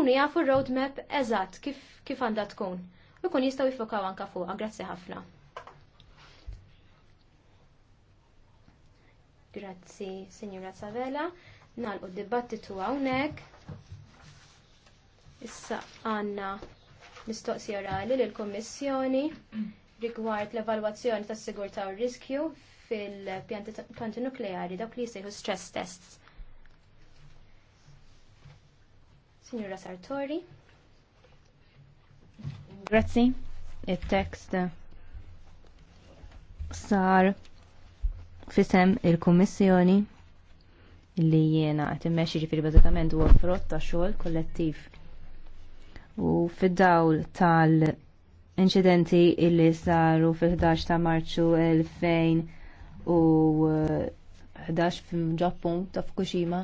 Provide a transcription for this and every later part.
ikunu jafu roadmap eżatt kif kif għandha tkun. U jkun jistgħu jifokaw anka fuqha, grazzi ħafna. Grazzi, signora Savela. Nalqu d-dibattitu hawnhekk. Issa għandna mistoqsija orali lill kummissjoni rigward l-evalwazzjoni tas-sigurtà u r-riskju fil-pjanti nukleari dawk li jsejħu stress tests. Signora Sartori. Grazie. il text sar fisem il-Kommissjoni li jiena qed immexxi ġifieri bażikament huwa frott ta' xogħol kollettiv. U fid-dawl tal-inċidenti illi saru fil-11 ta' Marzu 2011 fil-Ġappun ta' Fukushima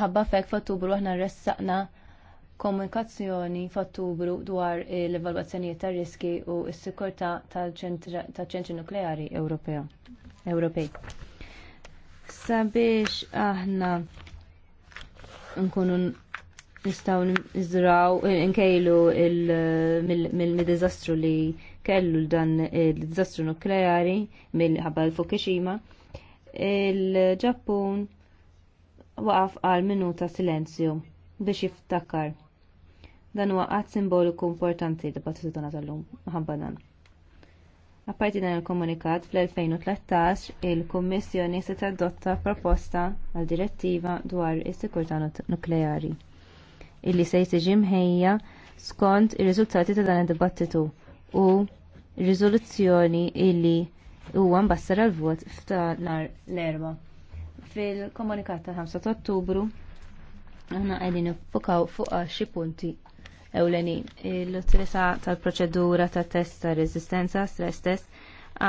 ħabba fek Fattubru aħna ressaqna komunikazzjoni f'Ottubru dwar l-evalwazzjonijiet tar riski u s-sikurtà tal-ċentri nukleari Ewropea. Ewropej. Sabiex aħna nkunu nistaw nizraw nkejlu mill-dizastru li kellu dan il-dizastru nukleari mill-ħabba l-Fukushima il-Ġappun waqaf għal minuta silenzju biex jiftakar. Dan huwa qatt simboliku importanti dibattitu tagħna tal-lum ħabba dan. Apparti dan il-komunikat fl-2013 il-Kummissjoni se tadotta proposta għal direttiva dwar is-sikurtà nukleari illi se jtiġi mħejja skont ir-riżultati ta' dan id-dibattitu u riżoluzzjoni illi huwa mbassar għal vot f'ta' nar l-erba'. Fil-komunikat ta' 5 ottubru, aħna għedin fukaw fuq xi punti ewlenin. Il-utilità tal-proċedura ta' test ta' resistenza stress test,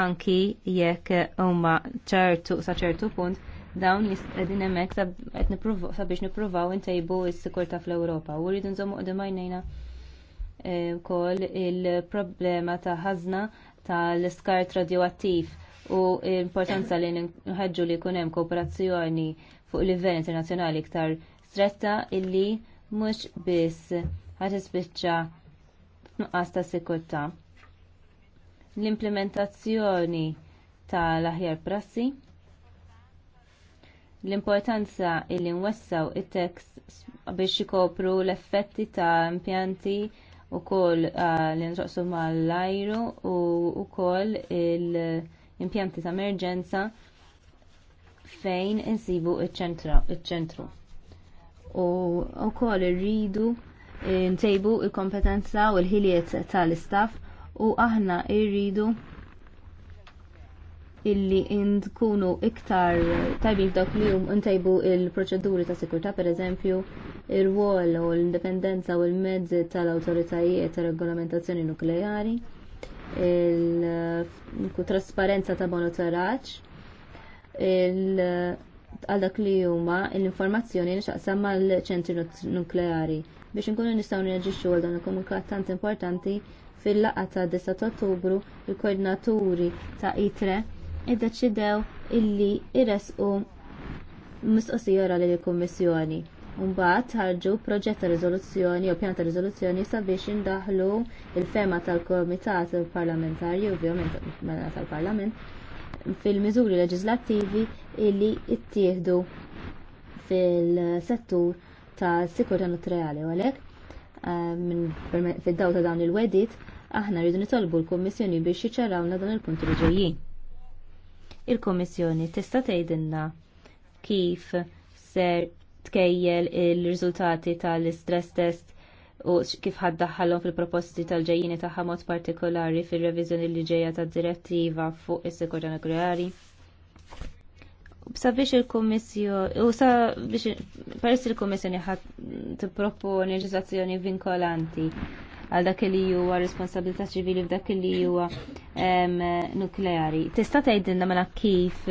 anki jekk huma ċertu sa' ċertu punt, dawn jistqedin hemmhekk sabiex nippruvaw intajbu s-sikurtà fl-Ewropa. U rridu nżommu qudiem għajnejna eh, wkoll il-problema ta' ħazna tal-iskart radioattiv u importanza li nħedġu li kunem kooperazzjoni fuq livell internazzjonali iktar stretta illi mhux biss ħat ispiċċa f'nuqqas ta' L-implementazzjoni tal-aħjar prassi l-importanza illi nwessaw it-tekst biex jikopru l-effetti ta' impjanti u kol uh, ah, l-introqsu mal-lajru u kol il- impjanti ta' emerġenza fejn insibu iċ-ċentru. U wkoll irridu ntejbu il-kompetenza u l-ħiliet tal-istaff u aħna irridu illi nkunu iktar tajbin f'dak li jum ntejbu il-proċeduri ta' sikurta, per eżempju, il-wol u l-indipendenza u l-mezzi tal-autoritajiet ta' regolamentazzjoni nukleari il-trasparenza ta' monitoraġġ il għal dak li huma l-informazzjoni li xaqsam mal-ċentri nukleari biex inkunu nistgħu nreġixxu għal dan il-komunikat tant importanti fil-laqgħa ta' 10 Ottubru il-koordinaturi ta' ITRE iddeċidew illi jresqu mistoqsija li l-Kummissjoni Mbagħad ħarġu proġett ta' riżoluzzjoni jew pjan ta' riżoluzzjoni sabiex indaħlu il-fema tal-Komitat Parlamentari, ovvjament mela tal-Parlament, fil-miżuri leġislattivi illi ttieħdu fil-settur ta' sikurta nutrijali u għalhekk eh, fid-daw ta' dawn il-wedit aħna rridu nitolbu l-Kummissjoni biex jiċċarawna dan il-punt li ġejjin. Il-Kummissjoni tista' tgħidilna kif ser tkejjel il-riżultati tal-stress test u kif ħaddaħħalhom fil-proposti tal-ġejjini tagħha mod partikolari fir-reviżjoni li ġejja tad-direttiva fuq is-sikurtà nukleari. Sabiex il-Kummissjoni, u sabiex peress il-Kummissjoni ħad tipproponi leġiżlazzjoni vinkolanti għal dak li huwa responsabilità ċivili f'dak li huwa ehm, nukleari. Tista' tgħidilna mela kif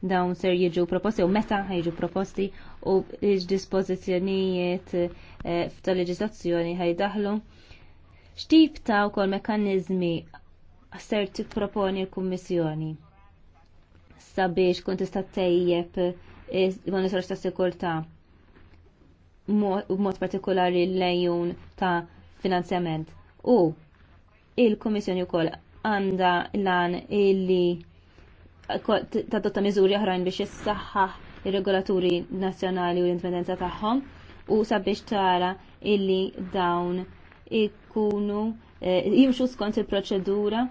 dawn ser jiġu proposti u meta ħajġu proposti u iġ dispozizjonijiet eh, f'ta' leġislazzjoni ħajdaħlu. Xtip ta' u kol mekanizmi ser proponi l-Kummissjoni sabiex kun tista' tejjeb il-monitor ta' sikurta b'mod partikolari l-lejun ta' finanzjament. U il-Kummissjoni wkoll għandha lan illi tadotta miżuri oħrajn biex issaħħaħ ir-regolaturi nazzjonali u l-indipendenza tagħhom u sabiex tara illi dawn ikunu eh, jimxu skont il-proċedura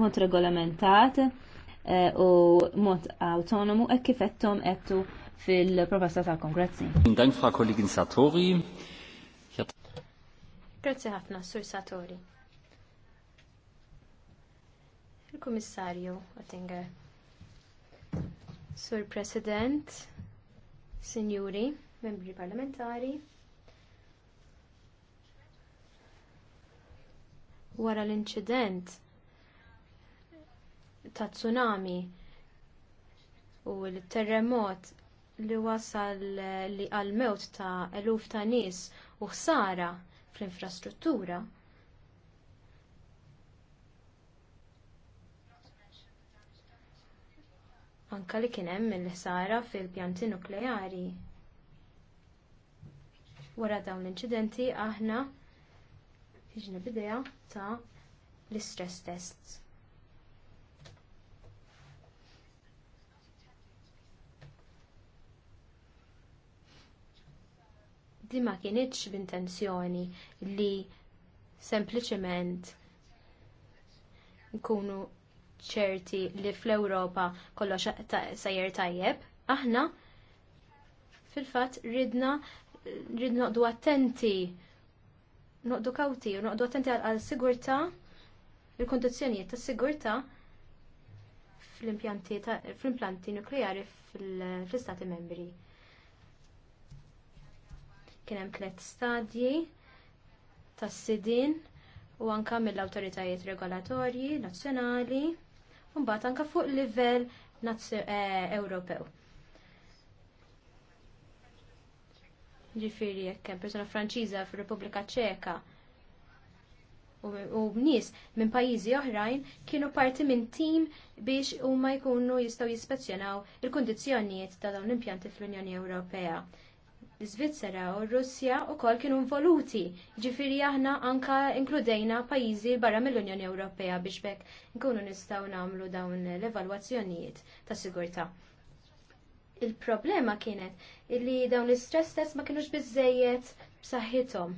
mod regolamentat eh, u mod autonomu e kifettom ettu fil-proposta ta' kongressi. Dank fra kollegin Satori. Grazie ħafna, Sur Satori. Il-Kummissarju Oettinger Sur President, Sinjuri, Membri Parlamentari, wara l-inċident ta' tsunami u l-terremot li wasal li għal-mewt ta' eluf ta' nies u ħsara fl-infrastruttura, anka li kien hemm mill-ħsara fil-pjanti nukleari. Wara dawn l-inċidenti aħna ħiġna bidea ta' l-istress tests. di ma kienitx b'intenzjoni li sempliċement nkunu ċerti li fl-Ewropa kollox sejjer tajjeb, aħna fil-fatt ridna ridna noqdu attenti noqdu kawti u noqdu attenti għal sigurtà il-kondizzjonijiet tas sigurtà fl-impjanti nukleari fl-istati membri. Kien hemm tliet stadji tas-sidin u anke mill-awtoritajiet regolatorji nazzjonali mbagħad anke fuq livell eh, Ewropew. Ġifieri jekk hemm persuna Franċiża fir-Repubblika Ċeka u b'nies minn pajjiżi oħrajn kienu parti minn tim biex huma jkunu jistgħu jispezzjonaw il-kundizzjonijiet ta' dawn l-impjanti fl-Unjoni Ewropea l-Svizzera u r-Russja wkoll kienu involuti. Ġifiri aħna anke inkludejna pajjiżi barra mill-Unjoni Ewropea biex bekk nkunu nistgħu nagħmlu dawn l-evalwazzjonijiet ta' sigurtà. Il-problema kienet illi dawn l-istress test ma kinux bizzejiet b'saħħithom.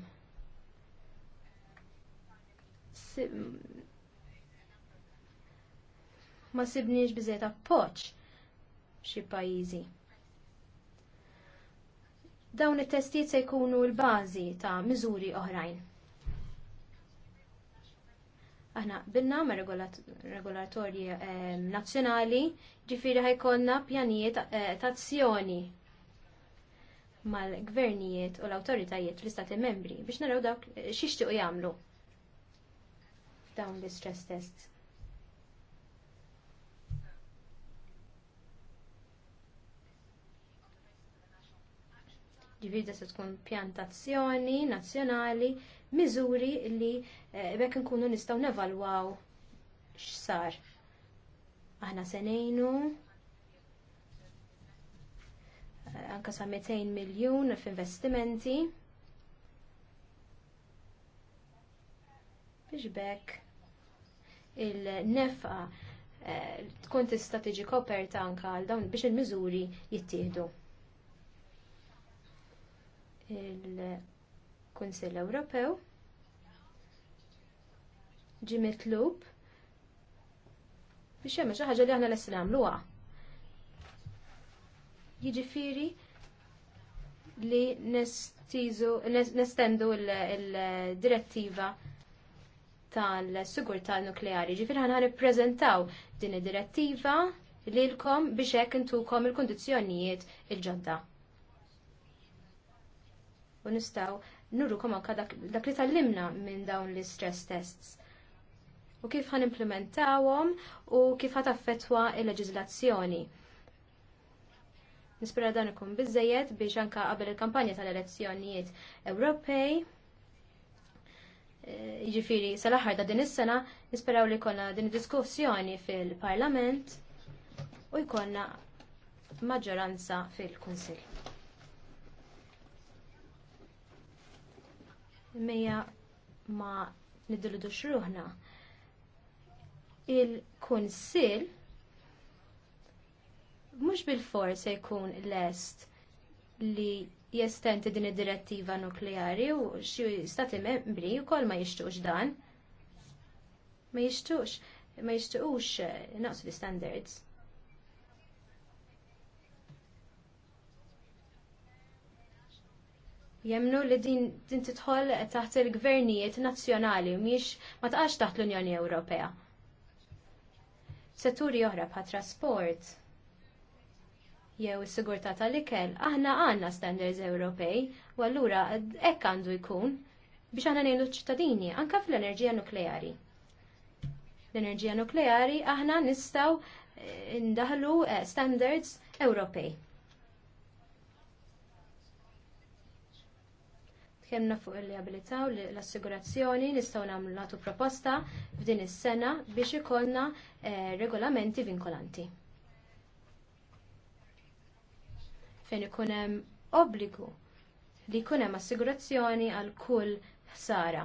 Ma sibniex bizzejiet appoġġ xi pajjiżi. Dawn it-testijiet se jkunu l-bażi ta' miżuri oħrajn. Aħna binna ma' regolatorji ehm, nazzjonali ġifiri ħajkonna pjanijiet eh, ta' azzjoni mal-gvernijiet u l-autoritajiet fl-istati membri biex naraw dak eh, xiextiqu jagħmlu dawn l-istress tests. ġifiri se tkun pjantazzjoni nazzjonali, miżuri li eh, bekk nkunu nistgħu nevalwaw x'sar. Aħna senejnu Anka eh, anke sa 200 miljun f'investimenti. Biex bekk il-nefqa eh, tkun tista' tiġi koperta anka għal dawn biex il-miżuri jittieħdu il-Kunsill Ewropew ġi mitlub biex jagħmel xi ħaġa li aħna lesti nagħmluha. Jiġifieri li nestendu l-direttiva tal-sigurtà nukleari. Ġifieri aħna nippreżentaw din id-direttiva lilkom biex hekk intukom il-kundizzjonijiet il-ġodda. il kundizzjonijiet il ġodda u nistaw nurrukom anka dak, dak li tallimna minn dawn l stress tests u kif għan implementawom u kif għat affetwa il-leġizlazzjoni. Nispera dan ikun bizzejiet biex anka qabel il-kampanja tal-elezzjonijiet Ewropej. Eh, jiġifieri sal-aħħar ta' din is-sena nisperaw li jkollna din id-diskussjoni fil-Parlament u jkollna maġġoranza fil-Kunsill. mija ma niddiludu xruħna. Il-kunsil mhux bil-fors se jkun lest li jestenti din id-direttiva nukleari u xi stati membri wkoll ma jixtuqx dan. Ma jixtuqx, ma jixtuqx naqsu l-standards. jemnu li din din titħol taħt il-gvernijiet nazzjonali miex ma taqax taħt l-Unjoni Ewropea. Setturi oħra bħat trasport jew is-sigurtà tal-ikel, aħna għandna standards Ewropej, u allura hekk għandu jkun biex aħna ngħidu ċittadini anke fl-enerġija nukleari. L-enerġija nukleari aħna nistgħu eh, ndaħlu eh, standards Ewropej. Kemna fuq il-liabilità u l-assigurazzjoni nistgħu nagħmlu natu proposta f'din is-sena biex ikollna eh, regolamenti vinkolanti. Fejn ikun hemm obbligu li jkun hemm assigurazzjoni għal kull ħsara.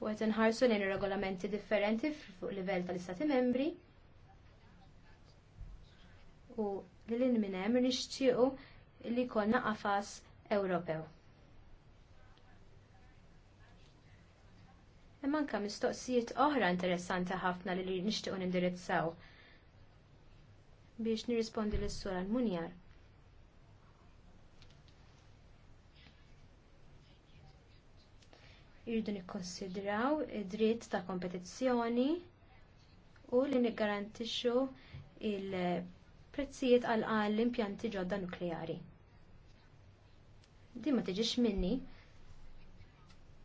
U qed inħarsu lejn regolamenti differenti fuq livell tal-istati membri. U lil minn hemm nixtiequ li jkollna qafas Ewropew. Imma anke mistoqsijiet oħra interessanti ħafna li nixtiequ nindirizzaw biex nirrispondi lis-sur munjar Irridu nikkonsidraw id-dritt ta' kompetizzjoni u li niggarantixxu il- prezzijiet għal għal impjanti ġodda nukleari. Din ma tiġix minni.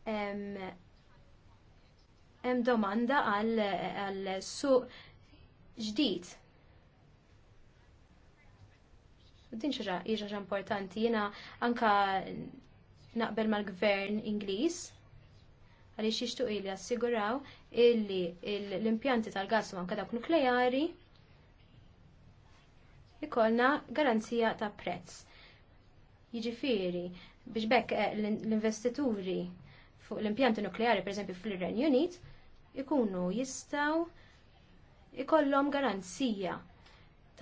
Hemm domanda għal, għal suq ġdid. Din xaġa iġaġa importanti jiena anka naqbel mal-gvern Ingliż għaliex jixtuq li assiguraw illi l-impjanti tal-gas u anke dawk nukleari ikolna garanzija ta' prezz. Jiġifieri biex bekk eh, l-investituri fuq l-impjanti nukleari, pereżempju fl-Iran Unit, ikunu jistgħu ikollhom garanzija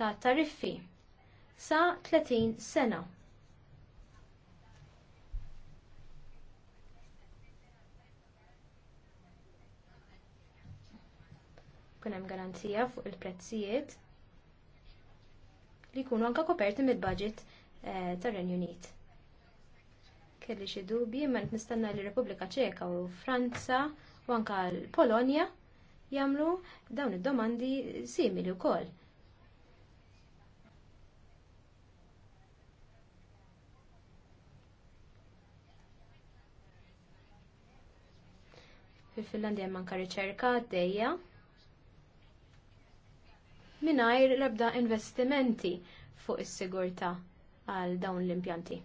ta' tariffi sa 30 sena. Kun hemm garanzija fuq il-prezzijiet li jkunu anka koperti mid-budget eh, tar-Renju Unit. Kelli xi dubji ma nistanna li Repubblika Ċeka u Franza u anka l-Polonja jagħmlu dawn id-domandi simili wkoll. Fil-Finlandja hemm anke riċerka għaddejja mingħajr l-ebda investimenti fuq is-sigurtà għal dawn l-impjanti.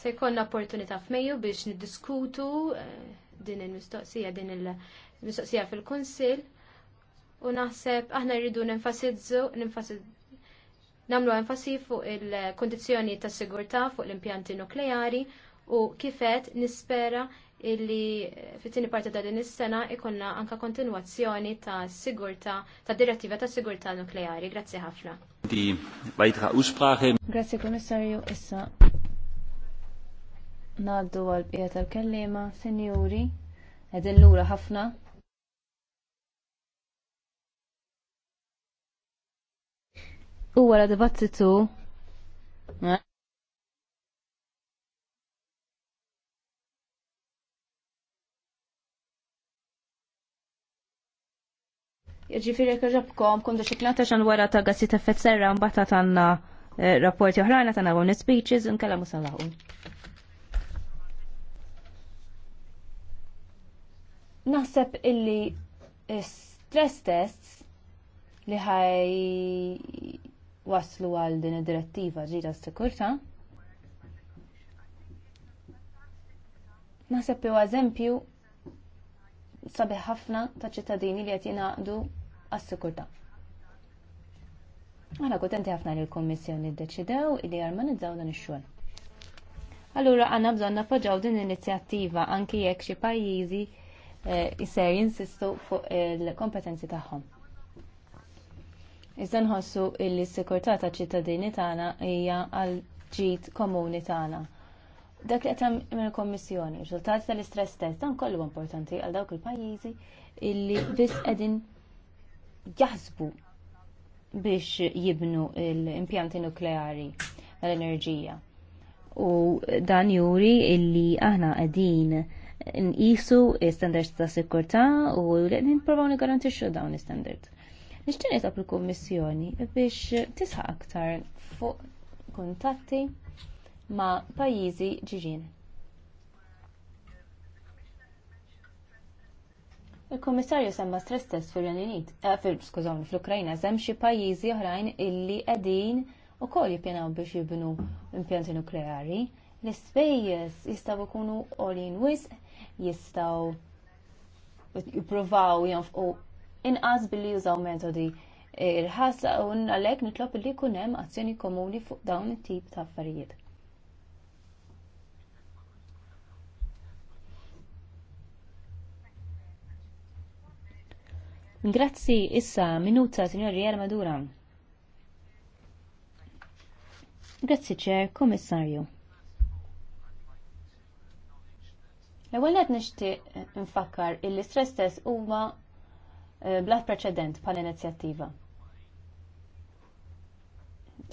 Se jkollna opportunità f'Mejju biex niddiskutu eh, din il-mistoqsija din il-mistoqsija fil-Kunsill u naħseb aħna rridu nenfasizzu namlu enfasi fuq il-kondizjoni ta' sigurtà fuq l-impjanti nukleari u kifet nispera illi fit tini parti ta' din is-sena ikonna anka kontinwazzjoni ta' sigurta ta' direttiva ta' sigurta nukleari. Grazzi ħafna. Di bajtra usprache. Grazzi Komissarju issa naddu għal bqija tal-kellima, senjuri, edin lura ħafna. U għara dibattitu Ġifiri kħġabkom, kundu xiklanta ġan wara ta' għassi ta' fetzerra mbata tanna eh, rapporti uħrajna tanna għun speeches nkella musalahu. Naħseb illi stress tests li ħaj waslu għal din id-direttiva ġira s-sekurta. Naħseb li eżempju sabiħ ħafna ta' ċittadini li qed jingħaqdu għas-sikurtà. Għana kontenti ħafna li l-Kommissjoni d-deċidew li jarmonizzaw dan ix-xogħol. Allura għandna bżonn nappoġġaw din l-inizjattiva anki jekk xi pajjiżi jser eh, jinsistu fuq il-kompetenzi tagħhom. Iżda nħossu li s-sikurtà taċ ċittadini tagħna hija għal ġid komuni tagħna. Dak li għetam minn kommissjoni, riżultati tal-istress test, dan kollu importanti għal dawk il pajjiżi illi biss edin jaħsbu biex jibnu l-impjanti nukleari tal-enerġija. U dan juri illi aħna qegħdin nqisu standards ta' sikurtà u nipprovaw nigarantixxu dawn l-standard. Nixtieq nitlob kommissjoni biex tisħa aktar fuq kuntatti ma' pajjiżi ġiġin. Il-Kummissarju semma stress test fir-Renju eh, fil skużawni, fl-Ukrajna, żemm xi pajjiżi oħrajn illi qegħdin ukoll jippjanaw biex jibnu impjanti nukleari. L-ispejjeż jistgħu jkunu għolin wisq, jistgħu jippruvaw jonfqu inqas billi jużaw metodi irħasa u għalhekk nitlob illi jkun hemm azzjoni komuni fuq dawn it-tip ta' affarijiet. Grazzi issa minuta, signor Riera Madura. Grazzi ċer, komissarju. L-ewwel qed nixtieq eh, nfakkar illi stress test huwa eh, blat preċedent bħal inizjattiva.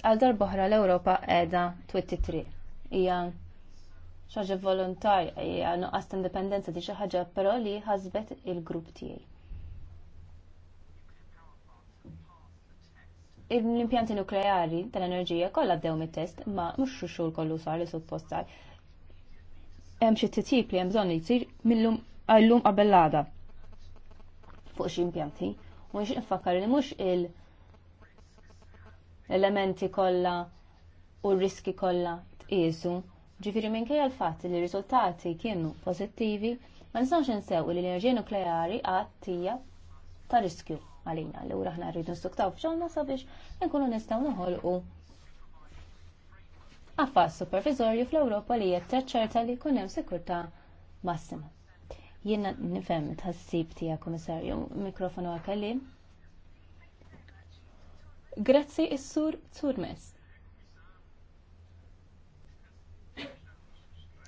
Għal darboħra l-Ewropa qiegħda 23. Hija xi ħaġa volontarja hija nuqqas indipendenza di xi ħaġa però li ħasbet il-grupp tiegħi. l-impjanti nukleari tal-enerġija kollha bdew mit-test ma mhux xuxur kollu sar li suppost sar. Hemm xi titjib li hemm bżonn li jsir millum għallum qabellada fuq xi impjanti. U nix nfakkar li mhux il elementi kollha u r-riski kollha tqiesu. Ġifieri minkejja l-fatt li r-riżultati kienu pożittivi, ma nistgħux insew li l-enerġija nukleari għad tija ta' riskju għalina. li ura ħna rridu nsuktaw f'xogħolna sabiex nkunu nistgħu noħolqu affas supervizorju fl-Ewropa li qed ċerta li jkun hemm sikurtà massima. Jiena nifhem tħassib tija komissarju, mikrofonu għakallim. Grazzi is-sur Turmes.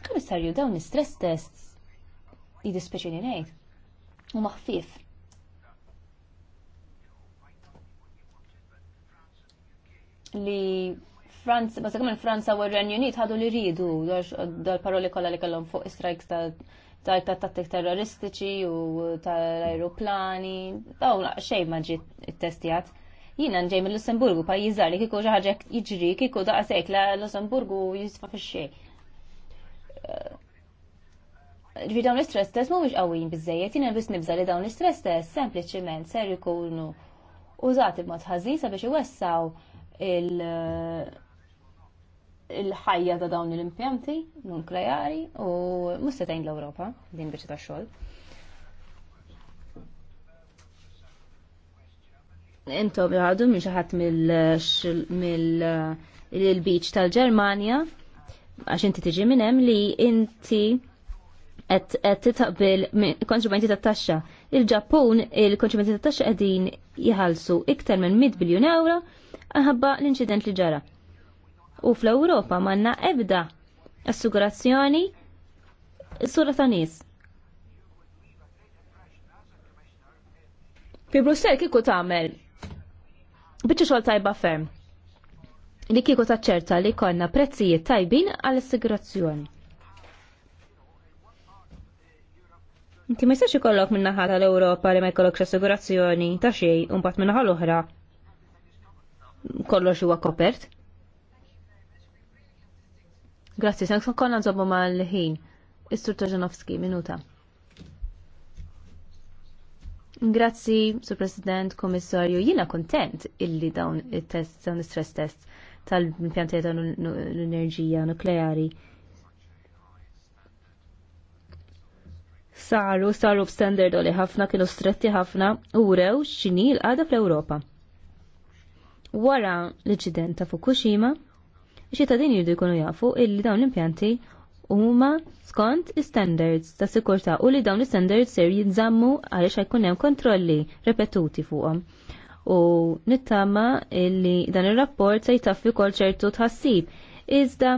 Kummissarju dawn l-istress tests li ngħid. U maħfif li Franza, ma minn Franza u r-Renju Unit ħadu li ridu dal-paroli kollha li kellhom fuq strikes ta' tattik terroristiċi u tal-aeroplani, dawn xejn ma ġiet ittestjat. Jina nġej mill lussemburgu pajjiżar li kieku xi ħaġa jiġri kieku daqshekk la Lussemburgu jisfa fix-xejn. dawn l-istress test mhuwiex qawwin biżejjed, jiena biss nibża li dawn l-istress test sempliċement ser ikunu użati b'mod ħażin sabiex iwessaw il-ħajja ta' dawn l-impjanti nukleari u mustetajn l-Europa din biex ta' xogħol. Intom jgħadu minn xi ħadd mill-beach tal-Ġermanja għax inti tiġi minnem li inti qed titqbil konċumenti tat-taxxa. Il-Ġappun il konċumenti tat-taxxa qegħdin jħallsu iktar minn 100 biljun euro ħabba l-inċident li ġara. U fl-Ewropa manna ebda assigurazzjoni s-sura ta' nies. Fi Brussel kieku tagħmel biċċa xogħol tajba ferm li kieku taċċerta li konna prezzijiet tajbin għall-assigurazzjoni. Inti ma jistax ikollok minn naħa tal-Ewropa li ma jkollokx assigurazzjoni ta' xejn u mbagħad minn naħa l-oħra kollox huwa kopert. Grazzi, sank konna nżobbu mal-ħin. Istur Toġanowski, minuta. Grazzi, Sur President, Komissarju, jina kontent illi dawn il-test, dawn il-stress test tal-impjanti tal-enerġija nukleari saru, saru b'standard li ħafna kienu stretti ħafna u rew x'inhi l-qada fl-Ewropa. Wara l-inċident ta' Fukushima, ix-ċittadini jridu jkunu jafu illi dawn l-impjanti huma skont standards ta' sikurtà u li dawn l-standards ser jinżammu għaliex ħajkun hemm kontrolli repetuti fuqhom u nittama illi dan ir-rapport se jtaffi kol ċertu tħassib. Iżda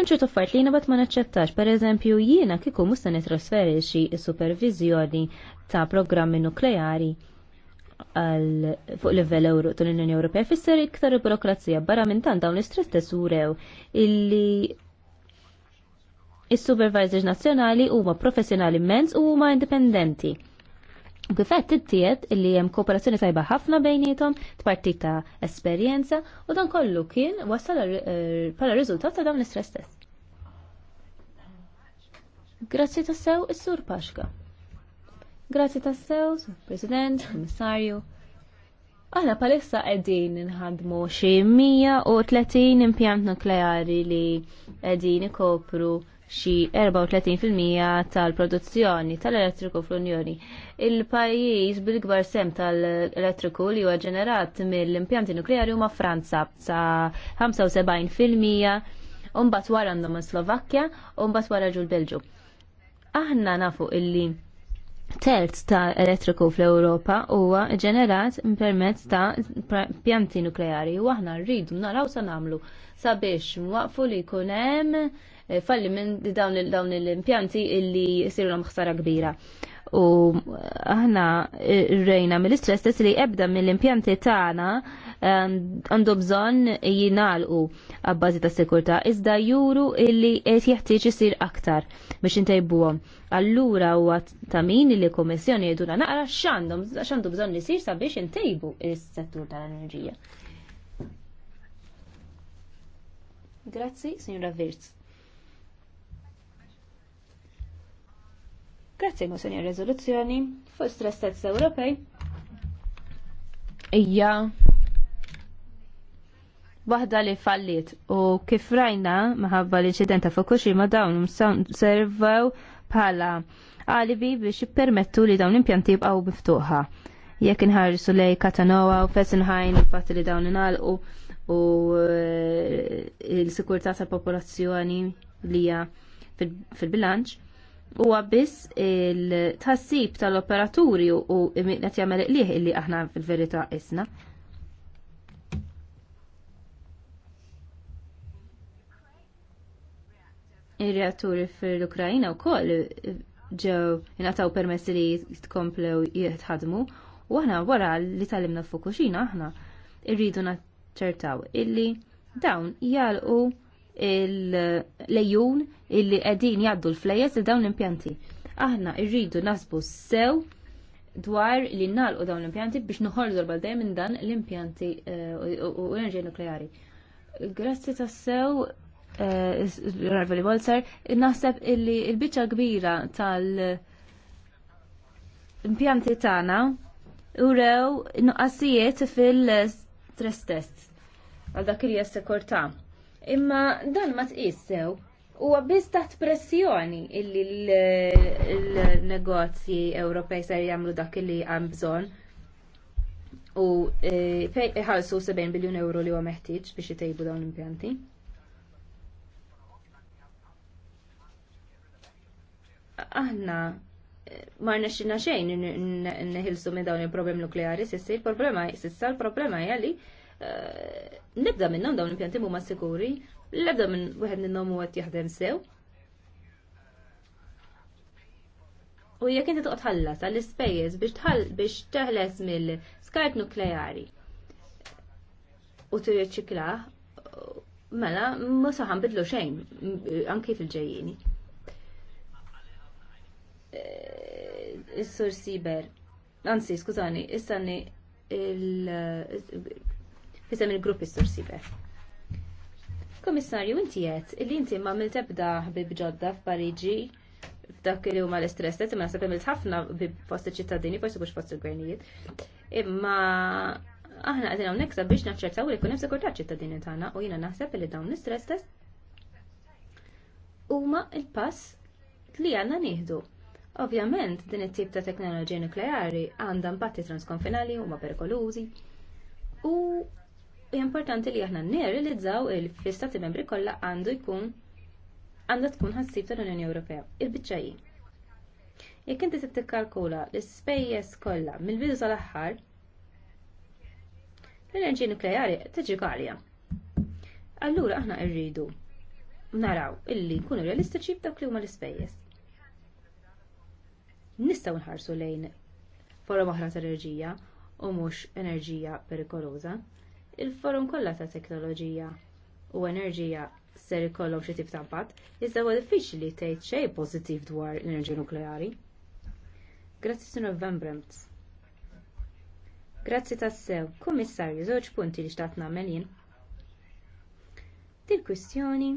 Imċu tuffajt li jiena bad ma naċċettax, pereżempju jiena kieku mhux se nitrasferixxi s-supervizjoni ta' programmi nukleari fuq livell Ewro tal-Unjoni Ewropea fisser iktar burokrazija barra minn tant dawn l-istress tesurew illi is-supervisors nazzjonali huma professjonali mens u huma indipendenti. Kifet tittiet li hemm kooperazzjoni tajba ħafna bejnietom, t-partita esperjenza u dan kollu kien wasal bħala eh, riżultat ta' dawn l-istress test. Grazzi ta' sew is-sur Paxka. Grazzi ta' sew, President, komissarju. Aħna palissa qegħdin inħadmu xi 130 impjant nukleari li qegħdin ikopru xi 34% tal-produzzjoni tal-elettriku fl-Unjoni. Il-pajjiż bil-gbar sem tal-elettriku li huwa ġenerat mill-impjanti nukleari huma Franza sa 75% Umbat wara għandhom Slovakkja, umbat wara ġu l-Belġu. Aħna nafu illi terz ta' elettriku fl-Ewropa huwa ġenerat permezz ta' pjanti nukleari u aħna rridu naraw sa nagħmlu sabiex waqfu li jkun hemm Eh, falli minn dawn l-impjanti illi jisiru l ħsara kbira. U eh, aħna eh, rejna mill-istress tess li ebda mill-impjanti tagħna għandu bżonn jingħalqu għabbażi ta' sikurtà iżda juru illi qed jeħtieġ isir aktar biex intejbuhom. Allura u ta' min li kommissjoni jgħiduna naqra x'għandhom x'għandu bżonn isir sabiex intejbu is-settur tal-enerġija. Grazzi, signora Virz. Grazzi Monsignor, rezoluzzjoni fuq stress test Ewropej. Ija waħda li fallit u kif rajna maħabba l-inċident ta' Fukushima dawn servew bħala għalibi biex jippermettu li dawn impjanti jibqgħu miftuħa. Jekk inħarsu lej Katanoa u Fessenheim il-fatt li dawn inalqu u eh, il sikurtà tal-popolazzjoni li hija fil-bilanċ huwa biss il-tassib tal-operaturi u qed jagħmel iqlieħ illi aħna fil-verità isna. Ir-reatturi fil-Ukrajina wkoll ġew ingħataw permessi li jitkomplew jitħadmu u aħna wara li talimna Fukushima aħna irridu naċċertaw illi dawn jalqu il-lejun illi qegħdin jgħaddu l-flejjes li dawn l-impjanti. Aħna rridu nasbu sew dwar li nalqu dawn l-impjanti biex nħorżu l-baldej minn dan l-impjanti eh, u l-enerġija nukleari. Grazzi sew eh, Raveli Bolzer, naħseb illi il-bicċa kbira tal-impjanti tagħna urew nuqqasijiet fil-stress test għal dak li jessa Imma dan ma tqissew huwa biss taħt pressjoni illi l-negozji Ewropej ser jagħmlu dak li hemm bżonn u iħallsu 70 biljun euro li huwa meħtieġ biex itejbu dawn l-impjanti. Aħna ma rnexxina xejn neħilsu minn dawn il-problemi nukleari sissa il-problema sissa l-problema hija li Eh, nibda minnhom dawn l-impjanti huma sikuri, l-ebda minn wieħed minnhom huwa qed jaħdem sew. U jekk inti toqgħod ħallas għall-ispejjeż biex tħall biex teħles mill-skart nukleari u tirriċiklah, mela ma saħan bidlu xejn anki fil-ġejjieni. Eh, is-sur Siber, anzi, skużani, istanni il fisem il-grupp istur sibe. Komissarju, inti jett, illi inti ma mill tebda ħbib ġodda f'Pariġi f'dak li huma l-istress test, ma nasab għamilt ħafna bib fost ċittadini forsi mhux fost il-gvernijiet. Imma aħna qegħdin hawnhekk sabiex naċċertaw li kunem hemm sekurtà ċittadini tagħna u jiena naħseb li dawn l-istress test huma il-pass li għandna nieħdu. Ovvjament, din it-tip ta' teknoloġija nukleari għandha impatti transkonfinali huma perikolużi u u importanti li aħna nirrealizzaw il-fistati membri kollha għandu jkun għandha tkun ħassib tal-Unjoni Ewropea. Il-biċċaji. Jekk inti se tikkalkula l-ispejjeż kollha mill-bidu tal aħħar l-enerġija nukleari tiġi għalja. Allura aħna rridu naraw illi nkunu realistiċi b'dawk li huma l-ispejjeż. Nistgħu nħarsu lejn forom oħra ta' enerġija u mhux enerġija perikoluża il-forum kollha ta' teknoloġija u enerġija ser ikollhom xi tip ta' impatt, iżda huwa diffiċli tgħid xej pożittiv dwar l-enerġija nukleari. Grazzi sinu Vembrant. Grazzi Grazzi sew, kummissarju, żewġ punti li xtaqt nagħmel jien. Din kwistjoni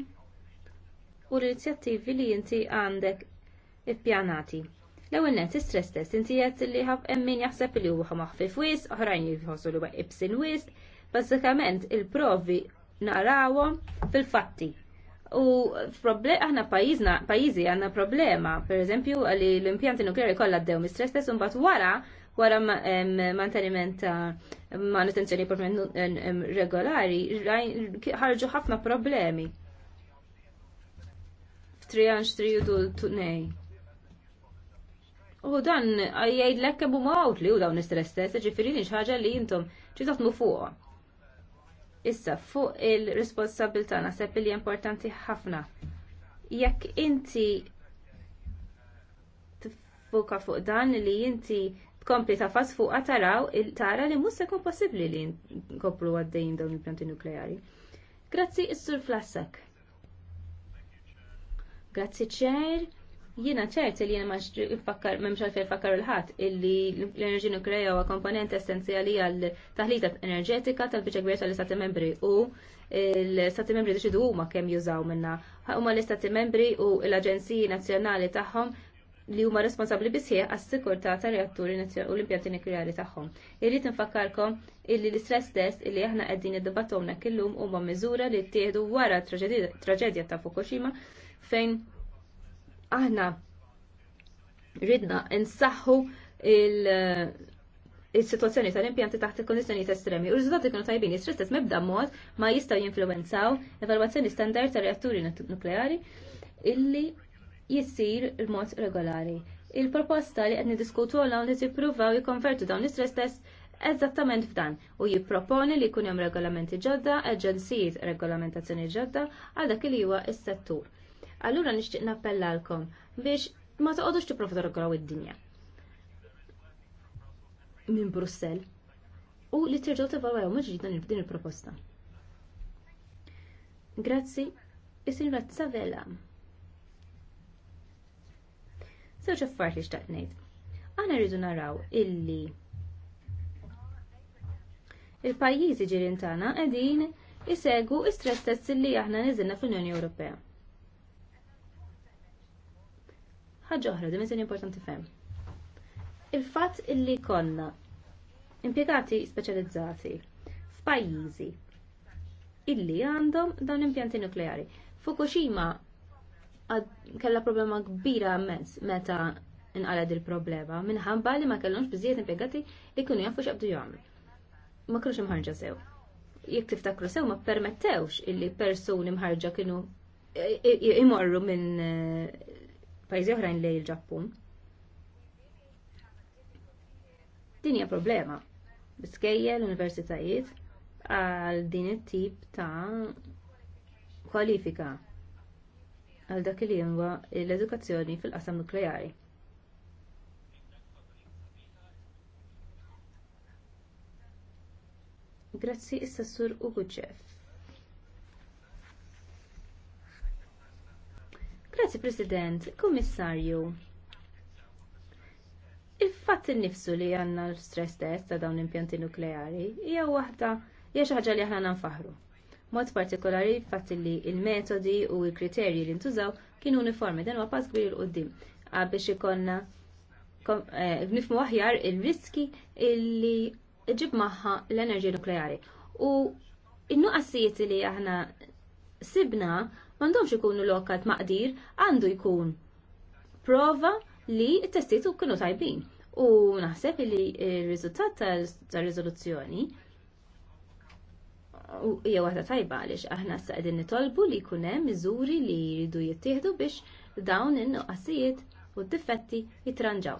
u l-inizjattivi li inti għandek ippjanati. L-ewwel nett stress test inti qed li ħab min jaħseb li huwa maħfif wisq, oħrajn jħossu li huwa ibsin wisq, Bażikament il-provi narawhom fil-fatti. U aħna pajizna, pajizi għanna problema, per eżempju, li l-impjanti nukleari kollha ddew mistress test un wara wara manteniment ta' eh, manutenzjoni regolari ħarġu ħafna problemi. Ftrijan xtriju du tunej. U dan jgħidlek lekkem u mawt li u dawn istress test, ġifiri ħaġa li jintom ċi taħtmu fuqha Issa, fuq il-responsabilta naħseb li importanti ħafna. Jekk inti tfuka fuq dan li inti tkompli ta' fas fuq taraw tara li mhux se jkun possibbli li nkoplu għaddejjin dawn il-pjanti nukleari. Grazzi is-sur Flassak. Grazzi ċer Jiena ċert li jiena max fakkar memx għalfej fakkar il-ħat illi l-enerġi nukleja huwa komponent essenzjali għal taħlita enerġetika tal-biċa kbir tal-istati membri u l-istati membri deċidu huma kemm jużaw minna. Huma l-istati membri u l-aġenziji nazzjonali tagħhom li huma responsabbli bisħieq għas-sikurtà tar-reatturi u l-impjanti nukleari tagħhom. Irrid infakkarkom illi l-istress test illi aħna qegħdin iddibattu hawnhekk illum huma miżura li ttieħdu wara traġedja ta' Fukushima fejn aħna ridna nsaħħu il- il-situazzjoni tal-impjanti taħt il kondizjoni estremi u r-riżultati kienu tajbin jistris test mebda mod ma jistaw jinfluwenzaw evalwazzjoni standard ta' reatturi nukleari illi jissir il-mod regolari. Il-proposta li qed niddiskutu hawn li tippruvaw jikkonvertu dawn l-istress test eżattament f'dan u jipproponi li jkun hemm regolamenti ġodda, agenzijiet regolamentazzjoni ġodda għal dak li huwa s-settur Allura nixtieq nappellalkom biex ma toqgħodux tipprofu torgraw id-dinja minn Brussell u li terġgħu tevalwaw mhux din il-proposta. Grazzi, is-sinjura Tsavella. Sew affarijiet li xtaqt ngħid. Aħna rridu naraw illi il-pajjiżi ġirien tagħna qegħdin isegwu stress test li aħna niżilna fl-Unjoni Ewropea. ħagġa oħra, mizzin importanti fem. Il-fatt illi konna impjegati speċjalizzati f'pajjiżi illi għandhom dawn impjanti nukleari. Fukushima kella problema kbira mezz meta inqaled il-problema minħabba li ma kellhomx biżjed impjegati li kienu jafu xabdu jagħmlu. Ma kellux imħarġa sew. Jekk tiftakru sew ma permettewx illi persuni mħarġa kienu imorru minn eh, pajjiżi oħrajn lej il-Ġappun. Din hija problema. Biskejja l-universitajiet għal din it-tip ta' kwalifika għal dak il huwa l-edukazzjoni fil-qasam nukleari. Grazzi issa sur Uguċef. Grazzi President, Kummissarju. Il-fatt nifsu li għanna l-stress test ta' dawn l-impjanti nukleari hija waħda hija xi ħaġa li aħna nanfaħru. Mod partikolari fatt li il-metodi u l-kriterji li ntużaw kienu uniformi dan huwa pass kbir il qoddim biex ikonna eh, nifmu aħjar il-riski illi ġib maħħa l-enerġija nukleari. U in-nuqqassijiet li aħna sibna m'għandhomx ikunu lokat maqdir, għandu jkun prova li t-testiet kienu tajbin. U naħseb li r-riżultat tal-riżoluzzjoni hija waħda tajba għaliex aħna s qegħdin nitolbu li jkun hemm miżuri li jridu jittieħdu biex dawn in-nuqqasijiet u d-difetti jitranġaw.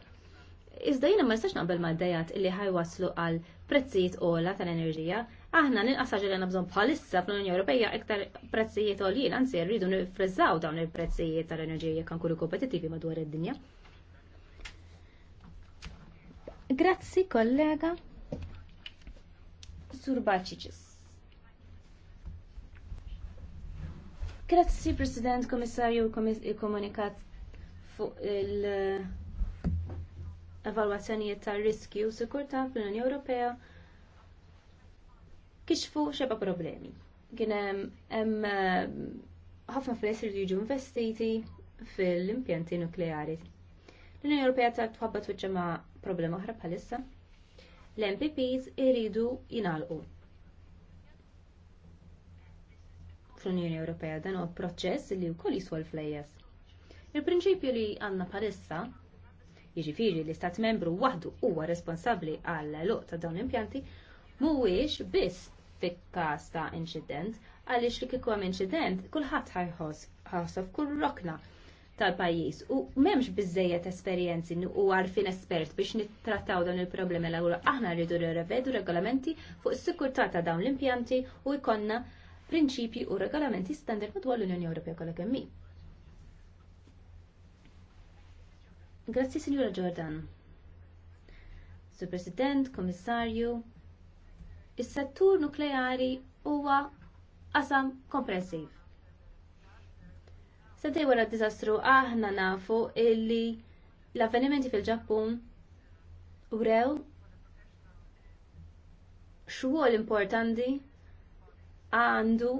Iżda jiena ma nistax naqbel mad-dejat li ħajwaslu għal prezzijiet ola tal-enerġija Aħna nilqas ħaġa li għandna bżonn bħalissa fl-Unjoni Ewropea iktar prezzijiet għoljin, anzi rridu nifrizzaw dawn il-prezzijiet tal-enerġija jekk ankunu kompetitivi madwar id-dinja. Grazzi kollega. Surbaċiċis. Grazzi President, Komissarju, komunikat fuq il-evalwazzjonijiet tar riskju u sikurta fl-Unjoni Ewropea kixfu xeba problemi. Kien hemm eh, ħafna flejs li jiġu investiti fil-impjanti nukleari. L-Unjoni Ewropea ta' tħabbat ma' problema oħra bħalissa. L-MPPs iridu jingħalqu. Fl-Unjoni Ewropea dan huwa proċess li wkoll jiswa l-flejjes. Il-prinċipju li għandna bħalissa jiġifieri li stat membru waħdu huwa responsabbli għal l ta' dawn l-impjanti mhuwiex biss fil-kas ta' incident, għaliex li kieku hemm incident, kulħadd ħajħoss kull rokna tal-pajjiż u m'hemmx bizzejet esperjenzi u għarfin espert biex nittrattaw dawn il-problemi l għura aħna rridu nirrevedu regolamenti fuq is-sikurtà ta' dawn l-impjanti u jkollna prinċipji u regolamenti standard madwar l-Unjoni Ewropea kollha kemm Grazzi Signora Jordan. Sur President, Komissarju, Is-settur nukleari huwa qasam komprensiv. Sentej wara d-diżastru aħna nafu illi l-avvenimenti fil-Ġappun urew xogħol importanti għandu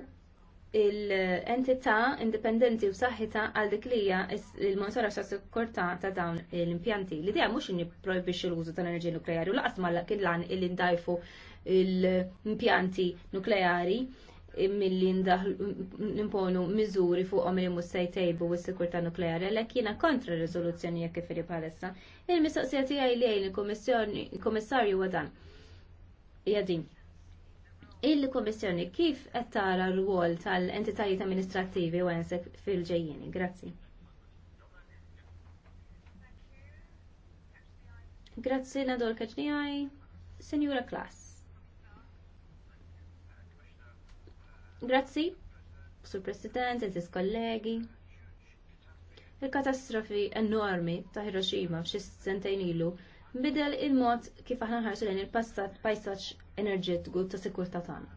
l-entità indipendenti u saħħita għal dik li hija il-monitora ta' sikurtà ta' dawn l-impjanti. L-idea mhux inni projbix l-użu tal-enerġija nukleari u laqas ma kien lan il-indajfu l-impjanti nukleari milli nimponu miżuri fuqhom li mhux se jtejbu s-sikurtà nukleari għalhekk jiena kontra r-riżoluzzjoni jekk ifiri bħalissa. Il-mistoqsija tiegħi li il-Kummissarju wa dan. Hija din il-Komissjoni kif qed tara r għol tal-entitajiet amministrattivi u għensek fil-ġejjini? Grazzi. Grazzi Nadol għaj. Senjura Klas. Grazzi, Sur President, eżis kollegi. Il-katastrofi enormi ta' Hiroshima f'xi sentejn ilu bidel il-mod kif aħna ħarsu lejn il-passat pajsaċ enerġetiku ta' sikurtà tagħna.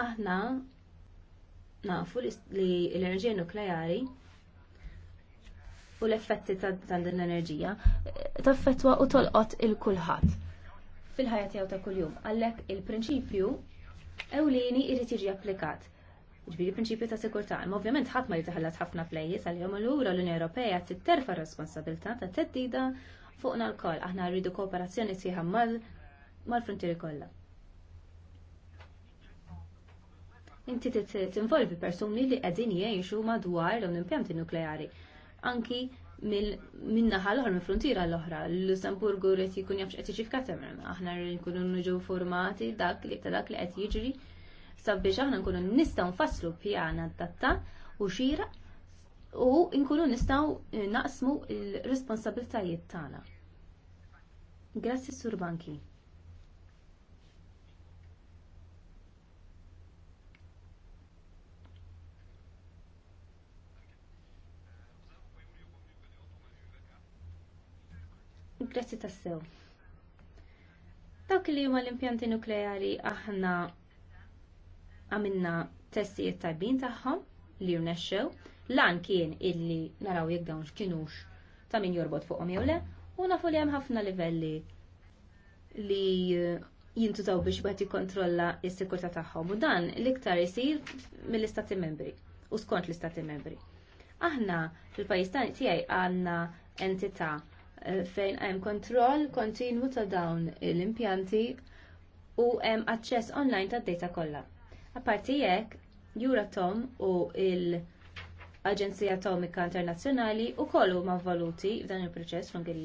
Aħna nafu li l-enerġija nukleari u l-effetti ta' din l-enerġija eh, taffetwa u tolqot il-kulħadd fil-ħajja tiegħu ta' kuljum. Għalhekk il-prinċipju ewlieni jrid jiġi applikat. Ġbiri prinċipju ta' sigurtà, imma ovvjament ħadd ma jitaħallat ħafna flejjes għal allura l-Unjoni Ewropea titterfa' responsabilità ta' teddida fuqna l-koll aħna rridu kooperazzjoni sieħa mal-frontieri kollha. Inti tinvolvi persuni li qegħdin jgħixu madwar dawn l-impjanti nukleari. Anki minna ħal-oħra, minn frontira l-oħra. L-Lussemburgu rrit jikun jafx qed jiġi f'Katemrem, aħna nkunu nġu formati dak li ta' dak li qed jiġri sabiex aħna nkunu nistgħu nfasslu pjana d-datta u xira u nkunu nistgħu eh, naqsmu l-responsabiltajiet tagħna. Grazzi Sur Banki. kumpletti tassew. Dawk li huma l-impjanti nukleari aħna għamilna testijiet tajbin tagħhom li jnexxew, lan kien illi naraw jekk dawn x'kinux ta' min jorbot fuqhom jew le, u nafu li hemm ħafna livelli li eh, jintużaw biex bħat jikontrolla s-sikurta tagħhom u dan l-iktar isir mill-istati membri u skont l-istati membri. Aħna fil pajjiż tiegħi għandna entità Eh, fejn hemm kontroll kontinwu ta' dawn l-impjanti u hemm aċċess online tad data kollha. Apparti hekk, Euratom u l aġenzija Atomika Internazzjonali wkoll ma valuti f'dan il-proċess fl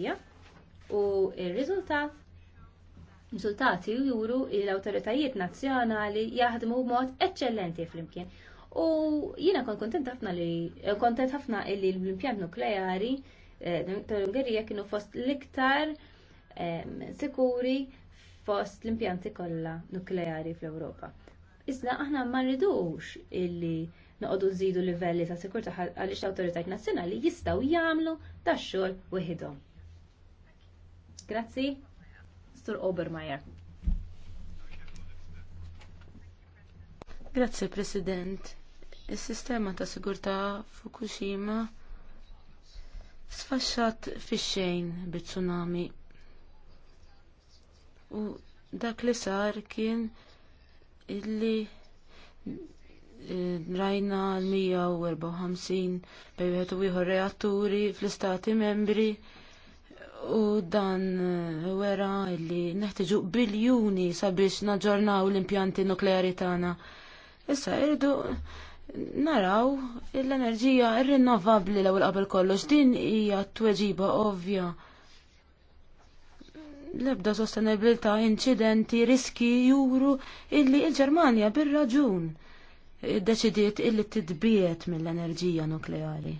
u r-riżultat Riżultati juru l awtoritajiet nazzjonali jaħdmu b'mod eċċellenti flimkien. U jiena kon kontent ħafna li kontent ħafna li l-impjant nukleari tal-Ungerija kienu fost l-iktar sikuri fost l-impjanti kollha nukleari fl-Ewropa. Iżda aħna ma rridux illi noqogħdu nżidu livelli ta' sikurtà għaliex l-awtoritajt nazzjonali jistgħu jagħmlu tax-xogħol wieħedhom. Grazzi, Sur Obermeier. Grazzi President. Is-sistema ta' sigurtà Fukushima sfaxxat fix-xejn bit-tsunami. U dak li sar kien illi eh, rajna l-154 bej wieħed u ieħor reatturi fl-istati membri u dan eh, wera illi neħtiġu biljuni sabiex naġġornaw l-impjanti nukleari tagħna. Issa irdu naraw l-enerġija rinnovabbli l-ewwel qabel kollox din hija tweġiba ovvja. L-ebda sostenibilità, inċidenti, riski juru illi l-Ġermanja bir-raġun deċidiet illi tidbiet mill-enerġija nukleari.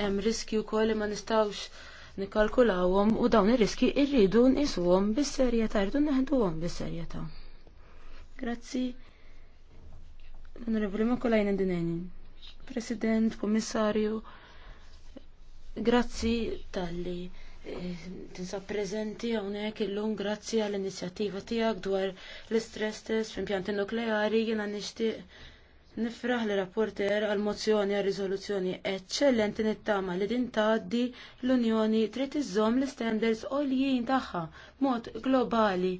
Hemm riski wkoll ma nistgħux nikkalkulawhom u dawn ir-riski rridu nqisuhom bis-serjetà, rridu neħduhom bis-serjetà. Grazzi. Onorevoli Makolajna Dineni, President, Komissarju, grazzi tal-li eh, tinsab prezenti hawnhekk illum grazzi għall inizjattiva tiegħek dwar l-istress test f'impjanti nukleari jiena nishti nifraħ li rapporter għal mozzjoni għal riżoluzzjoni eċċellenti nittama li din tgħaddi l-Unjoni trid iżżomm l-standards għoljin tagħha mod globali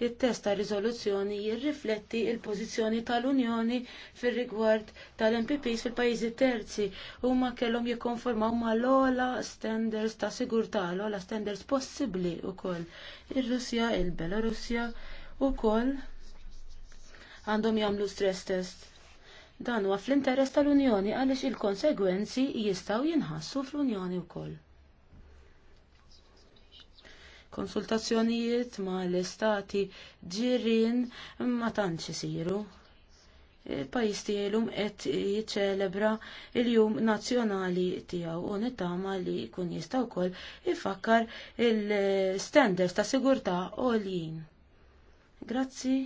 it test ta' jirrifletti il-pożizzjoni tal-Unjoni fir-rigward tal-MPPs fil-pajjiżi terzi huma kellhom jikkonformaw mal-ogħla standards ta' sigurtà, l ola standards possibbli wkoll. Ir-Russja, il belorussja wkoll għandhom jagħmlu stress test. Dan huwa fl-interess tal-Unjoni għaliex il-konsegwenzi jistgħu jinħassu fl-Unjoni wkoll konsultazzjonijiet ma l-istati ġirien ma tantx isiru. Il-pajis e, tiegħu qed jiċċelebra il-jum nazzjonali tiegħu u nittama li jkun jista' wkoll ifakkar il-standards ta' sigurtà għoljin. Grazzi,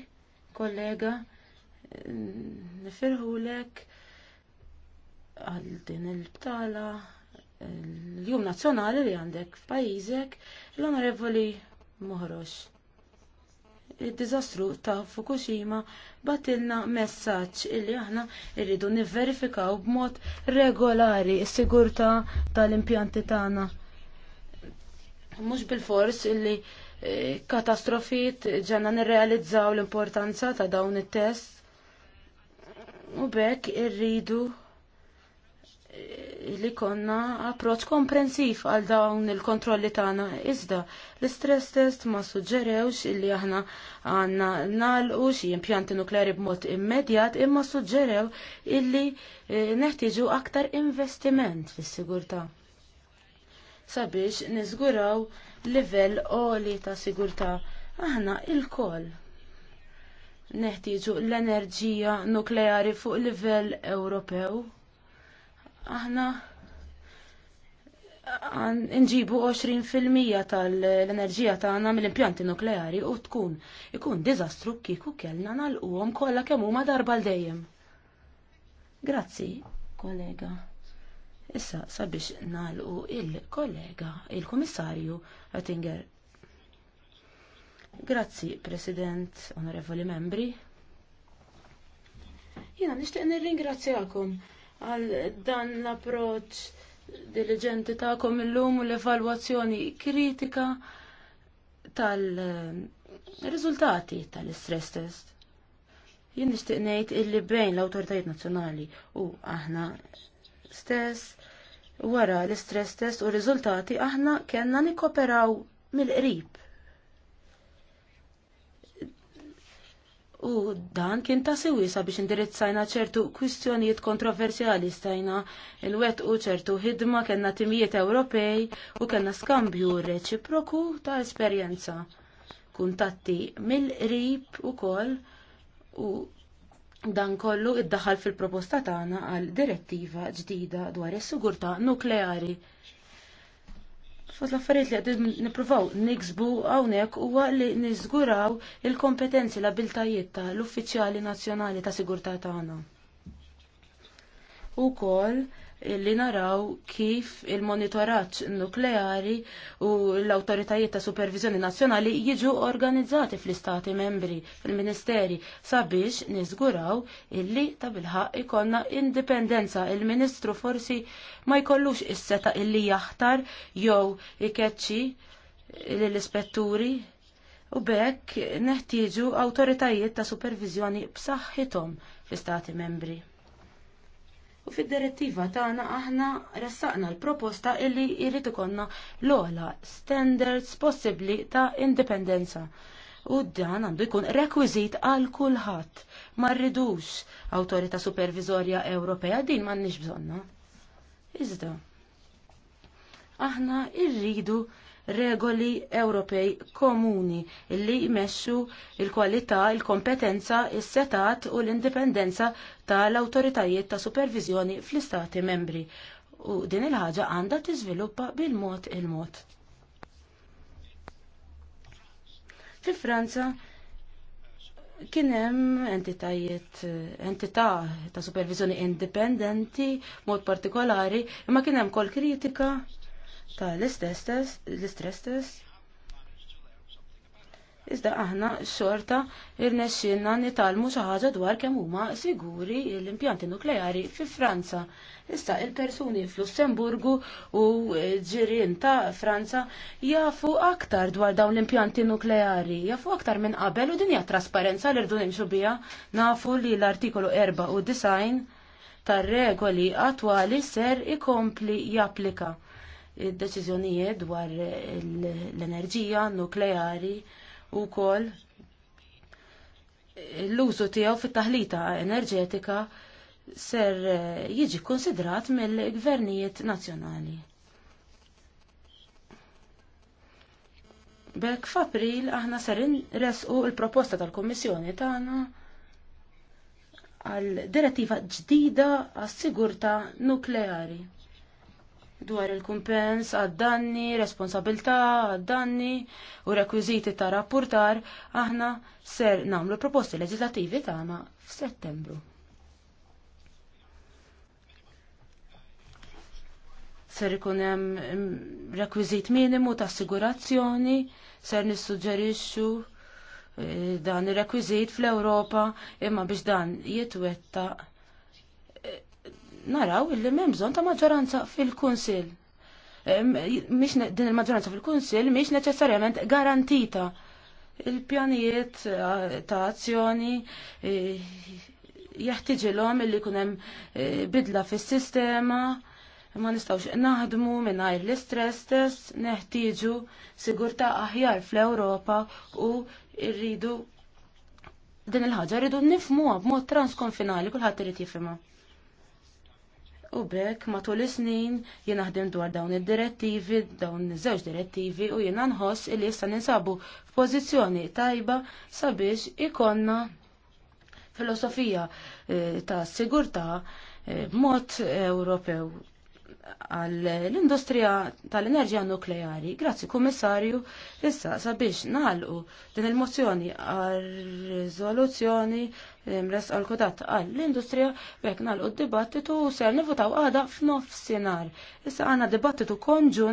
kollega, nifirħulek għal din il-btala l-jum nazzjonali li għandek f'pajjiżek l-onorevoli Moħroġ. Id-diżastru ta' Fukushima batilna messaġġ illi aħna rridu niverifikaw b'mod regolari s-sigurtà tal-impjanti tagħna. Mhux bil-fors illi eh, katastrofit ġanna nirrealizzaw l-importanza ta' dawn it-test u bekk irridu li konna approċ komprensiv għal dawn il-kontrolli tagħna iżda l-istress test ma suġġerewx illi aħna għanna nalqu xi impjanti nukleari b'mod immedjat imma suġġerew illi eh, neħtieġu aktar investiment fis-sigurtà. Sabiex niżguraw livell għoli ta' sigurtà aħna il-koll neħtieġu l-enerġija nukleari fuq livell Ewropew aħna nġibu 20% tal-enerġija tagħna mill-impjanti nukleari u tkun ikun diżastru kieku kellna nagħlquhom kollha kemm huma darba l dejjem. Grazzi, kollega. Issa sabiex nagħlqu il-kollega, il-Kummissarju Oettinger. Grazzi, President, onorevoli membri. Jiena nixtieq nirringrazzjakom għal dan l-approċ diligenti l illum u l-evalwazzjoni kritika tal-riżultati tal-istress test. Jien nixtieq ngħid illi bejn l-awtoritajiet nazzjonali u aħna stess wara l-istress test u r riżultati aħna kellna nikkoperaw mill-qrib. u dan kien ta' siwisa biex indirizzajna ċertu kwistjonijiet kontroversjali stajna il-wet u ċertu ħidma kena timijiet Ewropej u kena skambju reċiproku ta' esperjenza. Kuntatti mill-rib u kol u dan kollu iddaħħal fil-proposta tagħna għal direttiva ġdida dwar is-sigurtà nukleari. Fost laffariet affarijiet li għadid niprofaw niksbu għawnek huwa li nizguraw il-kompetenzi l-abiltajiet ta' l-uffiċjali nazzjonali ta' sigurtà tagħna. kol, li naraw kif il-monitoraġġ nukleari u l-awtoritajiet ta' supervizjoni nazzjonali jiġu organizzati fl-istati membri, fil-ministeri, sabiex niżguraw illi ta' bilħaq ikonna indipendenza. Il-ministru forsi ma jkollux is-seta illi jaħtar jew ikeċċi l-ispetturi u bekk neħtieġu awtoritajiet ta' supervizjoni b'saħħithom fl-istati membri. U fid-direttiva tagħna aħna ressaqna l-proposta illi jrid ikollna l-ogħla standards possibbli ta' indipendenza. U dan għandu jkun rekwiżit għal kulħadd. Ma rridux Awtorità Supervizorja Ewropea din m'għandniex bżonna. Iżda. Aħna rridu regoli Ewropej komuni li jmexxu il-kwalità, il-kompetenza, il setat u l-indipendenza tal-awtoritajiet ta' supervizjoni fl-istati membri. U din il-ħaġa għandha tiżviluppa bil-mod il-mod. Fi Franza kien hemm entitajiet entità ta' supervizjoni indipendenti mod partikolari, imma kien hemm kol kritika ta' istess l-istress test. Iżda aħna xorta irnexxinna nitalmu xi ħaġa dwar kemm huma siguri l-impjanti nukleari fi Franza. Issa il-persuni fl-Lussemburgu u ġirien ta' Franza jafu aktar dwar dawn l-impjanti nukleari, jafu aktar minn qabel u dinja trasparenza li rdu nimxu biha nafu li l-artikolu 4 u design tar-regoli attwali ser ikompli japplika id-deċiżjonijiet dwar l-enerġija nukleari u kol l-użu tiegħu fit-taħlita enerġetika ser jiġi konsidrat mill-gvernijiet nazzjonali. Bek f'April aħna ser resqu l proposta tal-Kommissjoni tagħna għal direttiva ġdida għas-sigurta nukleari dwar il-kumpens għad-danni, responsabilità għad-danni u rekwiżiti ta' rapportar aħna ser namlu proposti leġislativi tagħna f'Settembru. ser ikun hemm mm, rekwiżit minimu ta' assigurazzjoni, ser nissuġġerixxu eh, dan ir-rekwiżit fl-Ewropa imma biex dan jitwetta' naraw illi memżon bżonn ta' maġġoranza fil-Kunsill. din il-maġġoranza fil-Kunsill mhix neċessarjament garantita il-pjanijiet eh, ta' azzjoni eh, jeħtiġilhom illi jkun hemm eh, bidla fis-sistema ma nistawx naħdmu mingħajr l-istress test, neħtieġu sigurtà aħjar fl-Ewropa u rridu din il-ħaġa rridu nifmuha b'mod transkonfinali kulħadd irid jifhimha. U bekk matul is-snin jien naħdem dwar dawn id-direttivi, dawn iż-żewġ direttivi u jiena nħoss li issa ninsabu f'pożizzjoni tajba sabiex ikonna filosofija eh, ta' sigurtà eh, b'mod Ewropew għall-industrija tal-enerġija nukleari. Grazzi, kummissarju, issa sabiex nalqu din il-mozzjoni għal-rizoluzzjoni mres għal-kodat għall-industrija bekk nalqu d-dibattitu ser nivutaw għada f'nofsinar. Issa għana dibattitu konġun